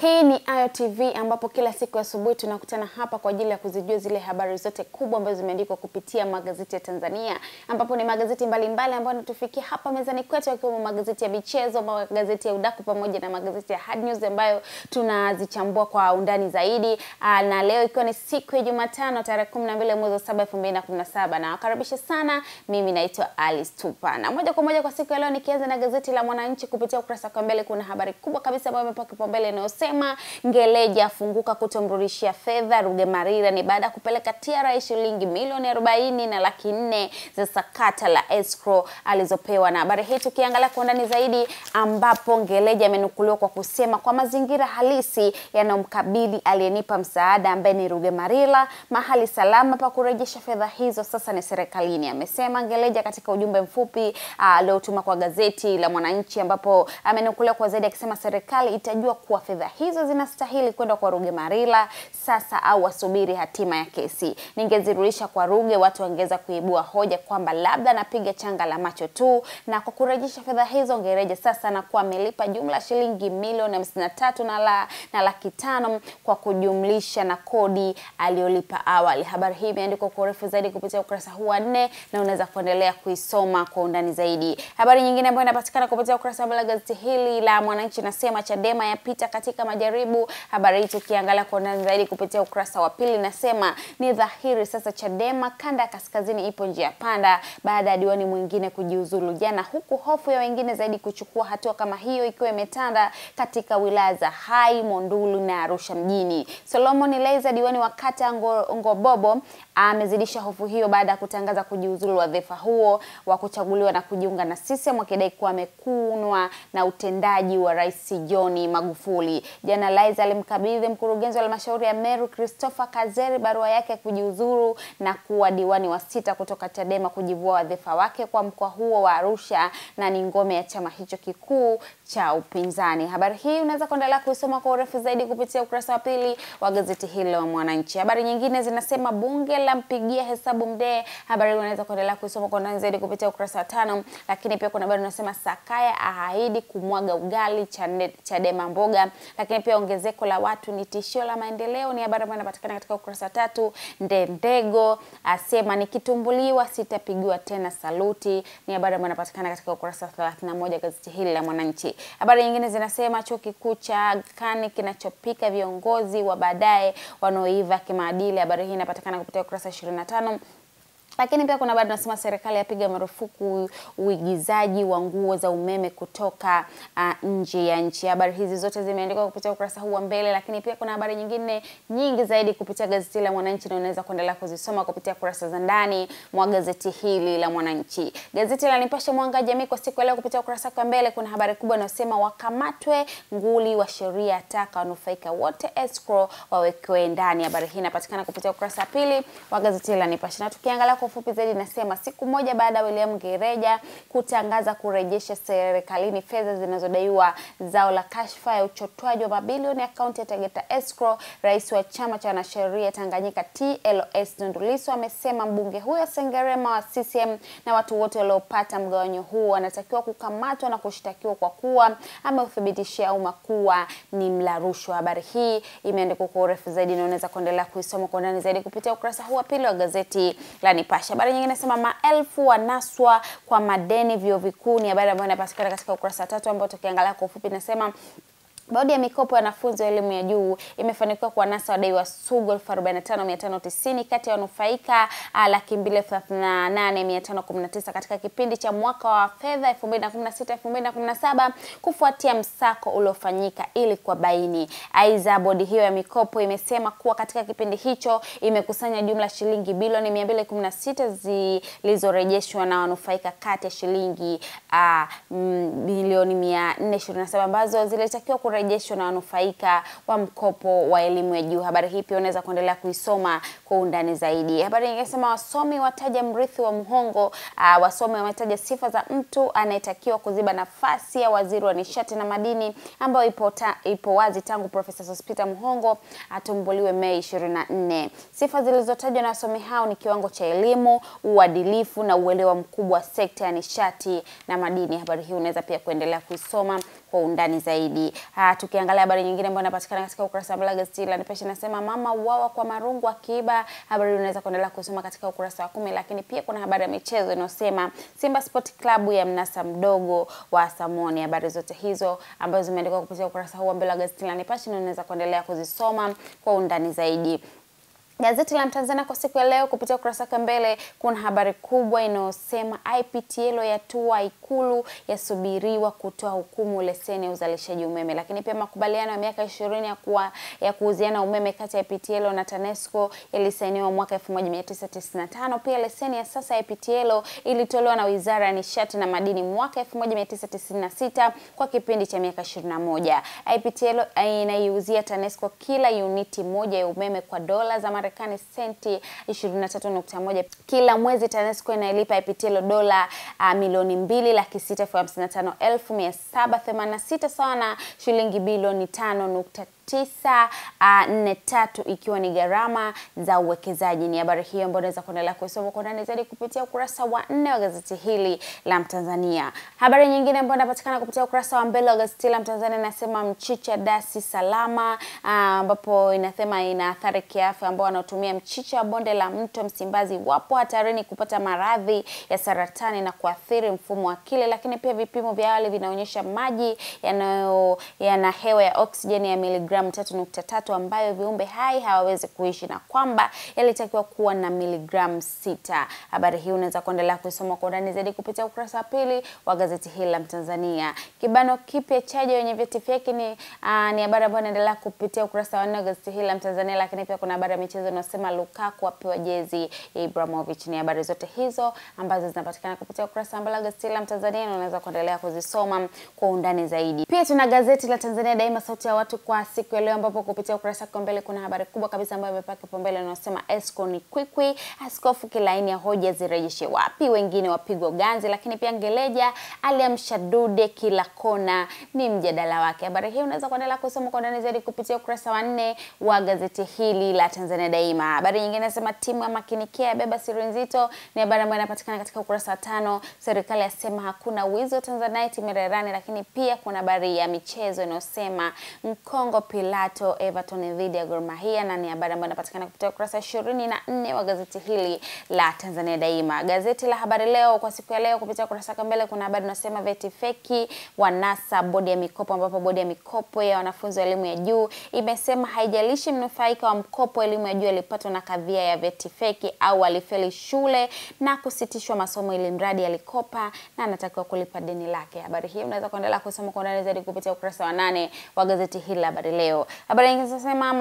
Hii ni Ayo TV ambapo kila siku asubuhi tunakutana hapa kwa ajili ya kuzijua zile habari zote kubwa ambazo zimeandikwa kupitia magazeti ya Tanzania, ambapo ni magazeti mbalimbali ambayo yanatufikia hapa mezani kwetu, yakiwemo magazeti ya michezo, magazeti ya udaku pamoja na magazeti ya hard news ambayo tunazichambua kwa undani zaidi. Aa, ah, na leo ikiwa ni siku ya Jumatano tarehe 12 mwezi wa 7 2017, na wakaribisha sana. Mimi naitwa Alice Tupa na moja kwa moja kwa siku ya leo, nikianza na gazeti la Mwananchi kupitia ukurasa wa mbele, kuna habari kubwa kabisa ambayo imepewa kipaumbele inayosema kusema Ngeleja afunguka kutomrudishia fedha Rugemalira ni baada ya kupeleka TRA shilingi milioni 40 na laki nne za sakata la escrow alizopewa. Na habari hii tukiangalia kwa undani zaidi, ambapo Ngeleja amenukuliwa kwa kusema kwa mazingira halisi yanayomkabili aliyenipa msaada ambaye ni Rugemalira, mahali salama pa kurejesha fedha hizo sasa ni serikalini, amesema Ngeleja katika ujumbe mfupi ah, aliotuma kwa gazeti la Mwananchi, ambapo amenukuliwa kwa zaidi akisema serikali itajua kuwa fedha hizo zinastahili kwenda kwa Ruge Marila sasa au wasubiri hatima ya kesi. Ningezirudisha kwa Ruge, watu wangeweza kuibua hoja kwamba labda napiga changa la macho tu, na kwa kurejesha fedha hizo ngereje sasa na kuwa amelipa jumla shilingi milioni hamsini na tatu na la na laki tano kwa kujumlisha na kodi aliyolipa awali. Habari hii imeandikwa kwa urefu zaidi kupitia ukurasa huu wa nne na unaweza kuendelea kuisoma kwa undani zaidi. Habari nyingine ambayo inapatikana kupitia ukurasa wa gazeti hili la Mwananchi nasema Chadema yapita katika majaribu. Habari hii tukiangalia kwa undani zaidi kupitia ukurasa wa pili, nasema ni dhahiri sasa Chadema kanda ya kaskazini ipo njia panda baada ya diwani mwingine kujiuzulu jana, huku hofu ya wengine zaidi kuchukua hatua kama hiyo ikiwa imetanda katika wilaya za Hai, Monduli na Arusha mjini. Solomon Leiza, diwani wa kata Ngobobo, amezidisha hofu hiyo baada ya kutangaza kujiuzulu wadhifa huo wa kuchaguliwa na kujiunga na CCM akidai kuwa amekunwa na utendaji wa Rais John Magufuli. Jana Liza alimkabidhi mkurugenzi wa halmashauri ya Meru Christopher Kazeri barua yake ya kujiuzuru na kuwa diwani wa sita kutoka Chadema kujivua wadhifa wake kwa mkoa huo wa Arusha na ni ngome ya chama hicho kikuu cha upinzani. Habari hii unaweza kuendelea kuisoma kwa urefu zaidi kupitia ukurasa wa pili wa gazeti hilo Mwananchi. Habari nyingine zinasema bunge la mpigia hesabu Mdee. Habari hii unaweza kuendelea kusoma kwa undani zaidi kupitia ukurasa wa tano, lakini pia kuna habari unasema Sakaya ahaidi kumwaga ugali Chadema mboga, lakini lakini pia ongezeko la watu ni tishio la maendeleo. Ni habari ambayo inapatikana katika ukurasa wa tatu. Ndendego asema nikitumbuliwa sitapigiwa tena saluti, ni habari ambayo inapatikana katika ukurasa wa 31 gazeti hili la Mwananchi. Habari nyingine zinasema chuo kikuu cha kani kinachopika viongozi wa baadaye wanaoiva kimaadili. Habari hii inapatikana kupitia ukurasa 25 lakini pia kuna bado nasema serikali yapiga marufuku uigizaji wa nguo za umeme kutoka uh, nje ya nchi. Habari hizi zote zimeandikwa kupitia ukurasa huu wa mbele, lakini pia kuna habari nyingine nyingi zaidi kupitia gazeti la Mwananchi na unaweza kuendelea kuzisoma kupitia kurasa za ndani mwa gazeti hili la Mwananchi. Gazeti la Nipashe Mwanga Jamii kwa siku ya leo kupitia ukurasa wa mbele kuna habari kubwa inayosema wakamatwe nguli wa sheria taka wanufaika wote escrow wawekwe ndani. Habari hii inapatikana kupitia ukurasa wa pili wa gazeti la Nipashe. Na tukiangalia kwa kwa fupi zaidi inasema siku moja baada ya William Gereja kutangaza kurejesha serikalini fedha zinazodaiwa zao la kashfa ya uchotwaji wa mabilioni akaunti ya Tegeta Escrow, rais wa chama cha wanasheria Tanganyika TLS Tundu Lissu amesema mbunge huyo Sengerema wa CCM na watu wote waliopata mgawanyo huo wanatakiwa kukamatwa na kushtakiwa kwa kuwa ameuthibitishia umma kuwa ni mla rushwa. Habari hii imeandikwa kwa urefu zaidi na unaweza kuendelea kuisoma kwa ndani zaidi kupitia ukurasa huu wa pili wa gazeti la Nipashe. Nipashe. Habari nyingine nasema maelfu wanaswa kwa madeni vyuo vikuu, ni habari ambayo inapatikana katika ukurasa tatu, ambao tukiangalia kwa ufupi nasema Bodi ya mikopo ya wanafunzi wa elimu ya juu imefanikiwa kuwanasa wadai wa sugu 45590 kati ya wanufaika ah, laki mbili katika kipindi cha mwaka wa fedha 2016-2017 kufuatia msako uliofanyika ili kuwabaini. Aidha, bodi hiyo ya mikopo imesema kuwa katika kipindi hicho imekusanya jumla shilingi bilioni 216 zilizorejeshwa na wanufaika kati ya shilingi bilioni ah, mm, 427 ambazo zilitakiwa kure mrejesho na wanufaika wa mkopo wa elimu ya juu. Habari hii pia unaweza kuendelea kuisoma kwa undani zaidi. Habari inasema wasomi wataja mrithi wa Muhongo. Uh, ah, wasomi wametaja sifa za mtu anayetakiwa kuziba nafasi ya waziri wa nishati na madini ambayo ipo, ipo wazi tangu Profesa Sospeter Muhongo atumbuliwe Mei 24. Sifa zilizotajwa na wasomi hao ni kiwango cha elimu, uadilifu na uelewa mkubwa wa sekta ya nishati na madini. Habari hii unaweza pia kuendelea kuisoma kwa undani zaidi. Ha, ah, tukiangalia habari nyingine ambayo inapatikana katika ukurasa wa gazeti la Nipashe nasema mama uawa kwa marungu akiba. Habari unaweza kuendelea kusoma katika ukurasa wa kumi, lakini pia kuna habari ya michezo inayosema Simba Sport Club ya mnasa mdogo wa Samoni. Habari zote hizo ambazo zimeandikwa kupitia ukurasa huu wa mbele wa gazeti la Nipashe na unaweza kuendelea kuzisoma kwa undani zaidi. Gazeti la Mtanzania kwa siku ya leo kupitia ukurasa wake mbele kuna habari kubwa inayosema IPTL yatua Ikulu yasubiriwa kutoa hukumu leseni ya uzalishaji umeme, lakini pia makubaliano ya miaka ishirini ya, kuwa, ya kuuziana umeme kati ya IPTL na TANESCO yalisainiwa mwaka 1995. Pia leseni ya sasa ya IPTL ilitolewa na Wizara ya Nishati na Madini mwaka 1996 kwa kipindi cha miaka 21. IPTL eh, inaiuzia TANESCO kila uniti moja ya umeme kwa dola za Marekani Marekani senti 23.1 kila mwezi. TANESCO inailipa IPTL dola uh, milioni mbili laki sita elfu hamsini elfu sawa na shilingi bilioni tano nukta 9943 ah, ikiwa ni gharama za uwekezaji. Ni habari hiyo ambayo unaweza kuendelea kusoma kwa ndani zaidi kupitia ukurasa wa nne wa gazeti hili la Mtanzania. Habari nyingine ambayo inapatikana kupitia ukurasa wa mbele wa gazeti la Mtanzania inasema mchicha dasi salama, ah, ambapo inasema ina athari kiafya. Ambao wanaotumia mchicha wa bonde la mto Msimbazi wapo hatarini kupata maradhi ya saratani na kuathiri mfumo wa akili, lakini pia vipimo vya awali vinaonyesha maji yanayo yana hewa ya oksijeni ya miligramu miligramu 3.3 ambayo viumbe hai hawawezi kuishi na kwamba yalitakiwa kuwa na miligramu sita. Habari hii unaweza kuendelea kuisoma kwa undani zaidi kupitia ukurasa wa pili wa gazeti hili la Mtanzania. Kibano kipya chaja wenye vyeti vyake ni, uh, ni habari ambayo inaendelea kupitia ukurasa wa nne wa gazeti hili la Mtanzania, lakini pia kuna habari ya michezo inayosema Lukaku apewa jezi ya Ibrahimovic. Ni habari zote hizo ambazo zinapatikana kupitia ukurasa wa mbele wa gazeti la Mtanzania na unaweza kuendelea kuzisoma kwa undani zaidi. Pia tuna gazeti la Tanzania Daima, sauti ya watu kwa siku siku ya leo ambapo kupitia ukurasa wako mbele kuna habari kubwa kabisa ambayo imepewa kipaumbele inayosema Esco ni kwikwi, askofu kilaini ya hoja zirejeshe wapi, wengine wapigwa ganzi, lakini pia Ngeleja aliamsha dude kila kona, ni mjadala wake. Habari hii unaweza kuendelea kusoma kwa ndani zaidi kupitia ukurasa wa nne wa gazeti hili la Tanzania Daima. Habari nyingine inasema timu ya makinikia yabeba siri nzito, ni habari ambayo inapatikana katika ukurasa wa tano. Serikali yasema hakuna wizi wa tanzanite Mererani, lakini pia kuna habari ya michezo inayosema Mkongo pia Pilato, Everton dhidi ya Gor Mahia na ni habari ambayo inapatikana kupitia ukurasa ishirini na nne wa gazeti hili la Tanzania Daima. Gazeti la Habari Leo kwa siku ya leo kupitia ukurasa wa mbele kuna habari inasema veti feki wa NASA bodi ya mikopo, ambapo bodi ya mikopo ya wanafunzi wa elimu ya juu imesema haijalishi mnufaika wa mkopo elimu ya juu alipatwa na kadhia ya veti feki au alifeli shule na kusitishwa masomo, ili mradi alikopa na anatakiwa kulipa deni lake. Habari hii unaweza kuendelea kusoma kwa undani zaidi kupitia ukurasa wa nane wa gazeti hili la Habari Leo leo. Habari nyingine zinasema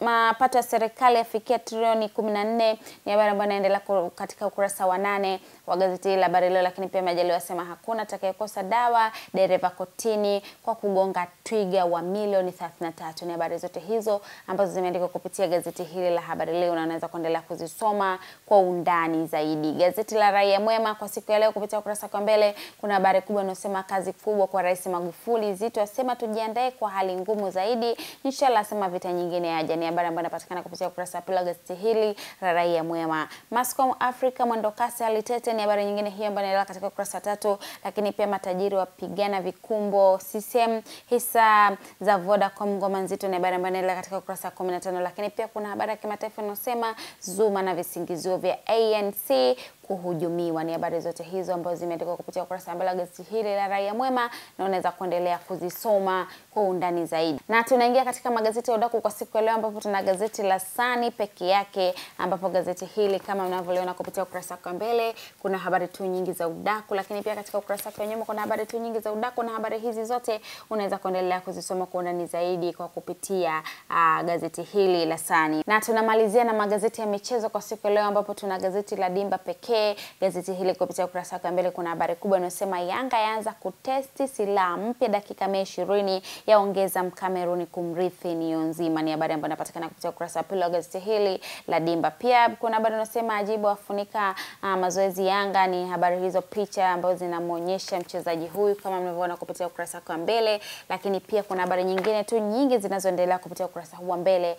mapato ya serikali yafikia trilioni 14. Ni habari ambayo inaendelea katika ukurasa wa nane wa gazeti la Habari Leo. Lakini pia Majaliwa asema hakuna atakayekosa dawa, dereva kotini kwa kugonga twiga wa milioni 33. Ni habari zote hizo ambazo zimeandikwa kupitia gazeti hili la Habari Leo, na unaweza kuendelea kuzisoma kwa undani zaidi. Gazeti la Raia Mwema kwa siku ya leo kupitia ukurasa kwa mbele kuna habari kubwa inayosema kazi kubwa kwa Rais Magufuli. Zito asema tujiandae kwa hali ngumu zaidi. Inshallah sema vita nyingine yaja. Ni habari ambayo inapatikana kupitia ukurasa wa pili wa gazeti hili la Raia Mwema. Mascom Africa mwendokasi alitete, ni habari nyingine hiyo ambayo inaendelea katika ukurasa wa tatu. Lakini pia matajiri wapigana vikumbo CCM, hisa za Vodacom ngoma nzito, ni habari ambayo inaendelea katika ukurasa wa 15. Lakini pia kuna habari ya kimataifa inayosema Zuma na visingizio vya ANC kuhujumiwa. Ni habari zote hizo ambazo zimeandikwa kupitia ukurasa wa mbele wa gazeti hili la Raia Mwema, na unaweza kuendelea kuzisoma kwa undani zaidi. Na tunaingia katika magazeti ya udaku kwa siku ya leo, ambapo tuna gazeti la Sani peke yake, ambapo gazeti hili kama mnavyoona kupitia ukurasa wa mbele kuna habari tu nyingi za udaku, lakini pia katika ukurasa wa nyuma kuna habari tu nyingi za udaku, na habari hizi zote unaweza kuendelea kuzisoma kwa undani zaidi kwa kupitia uh, gazeti hili la Sani. Na tunamalizia na magazeti ya michezo kwa siku ya leo, ambapo tuna gazeti la Dimba pekee yake. Gazeti hili kupitia ukurasa wake mbele kuna habari kubwa inayosema Yanga yaanza kutesti silaha mpya, dakika mia ishirini yaongeza Mkameruni kumrithi nio nzima. Ni habari ambayo inapatikana kupitia ukurasa wa pili wa gazeti hili la Dimba. Pia kuna habari inayosema ajibu afunika uh, mazoezi Yanga. Ni habari hizo, picha ambazo zinamwonyesha mchezaji huyu kama mnavyoona kupitia ukurasa wake wa mbele, lakini pia kuna habari nyingine tu nyingi zinazoendelea kupitia ukurasa huu wa mbele,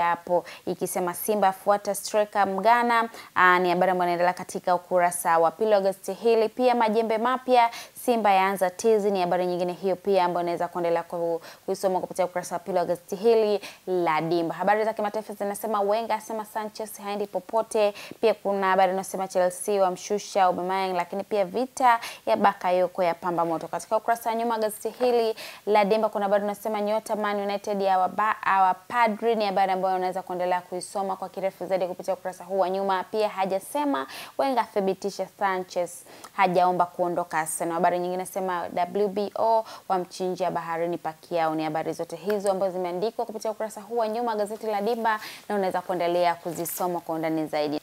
hapo ikisema Simba afuata striker Mgana. Ah, ni habari ambayo inaendelea katika katika ukurasa wa pili wa gazeti hili. Pia majembe mapya Simba yaanza tizi, ni habari nyingine hiyo pia ambayo unaweza kuendelea kuisoma kupitia ukurasa wa pili wa gazeti hili la Dimba. Habari za kimataifa zinasema Wenger asema Sanchez haendi popote. Pia kuna habari inasema Chelsea wamshusha Aubameyang, lakini pia vita ya Bakayoko ya pamba moto. Katika ukurasa wa nyuma gazeti hili la Dimba kuna habari inasema nyota Man United ya awapadri, ni habari ambayo unaweza kuendelea kuisoma kwa kirefu zaidi kupitia ukurasa huu wa nyuma. Pia hajasema Wenger Wenger athibitisha Sanchez hajaomba kuondoka Arsenal. Habari nyingine nasema WBO wamchinjia baharini Pacquiao. Ni habari zote hizo ambazo zimeandikwa kupitia ukurasa huu wa nyuma gazeti la Dimba, na unaweza kuendelea kuzisoma kwa undani zaidi.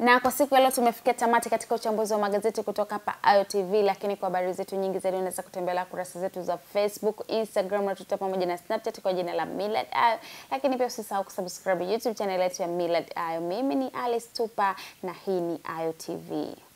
Na kwa siku ya leo tumefikia tamati katika uchambuzi wa magazeti kutoka hapa Ayo TV, lakini kwa habari zetu nyingi zaidi unaweza kutembelea kurasa zetu za Facebook, Instagram na Twitter pamoja na Snapchat kwa jina la Millard Ayo, lakini pia usisahau kusubscribe YouTube channel yetu ya Millard Ayo. Mimi ni Alice Tupa na hii ni Ayo TV.